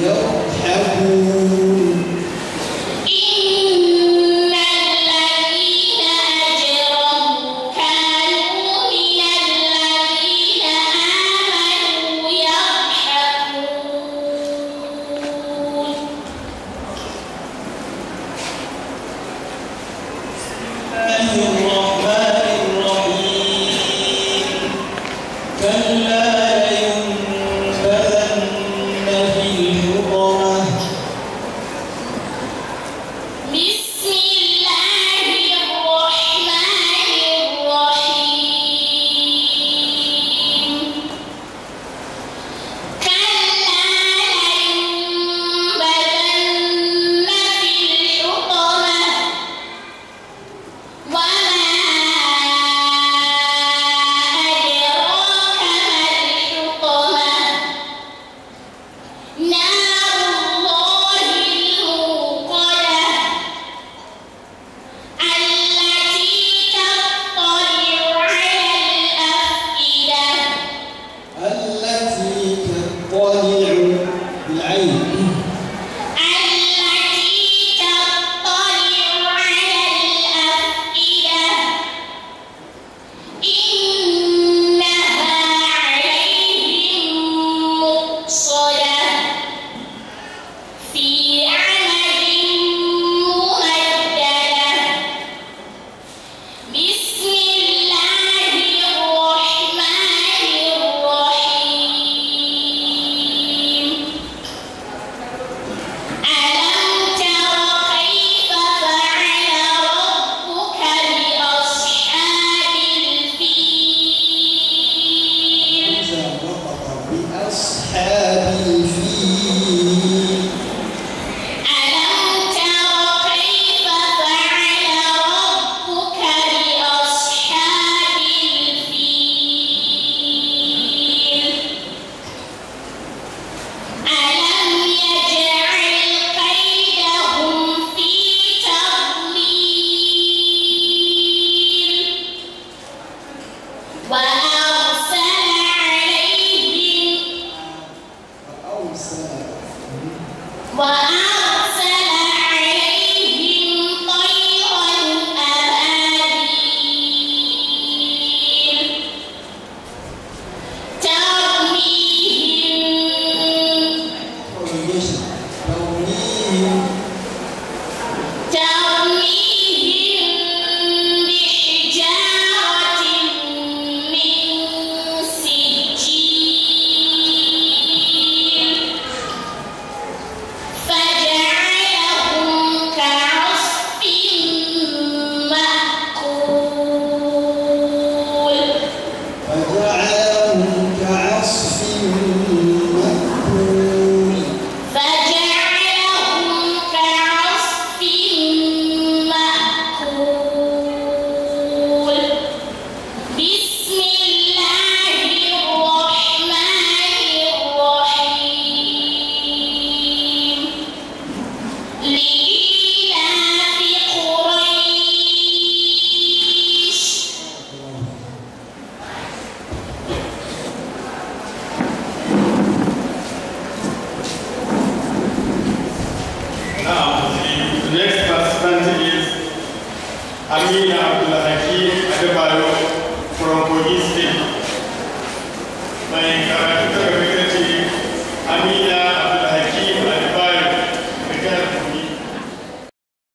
Yo, have 晚安。Amina Abdullah Hakim, Adebayo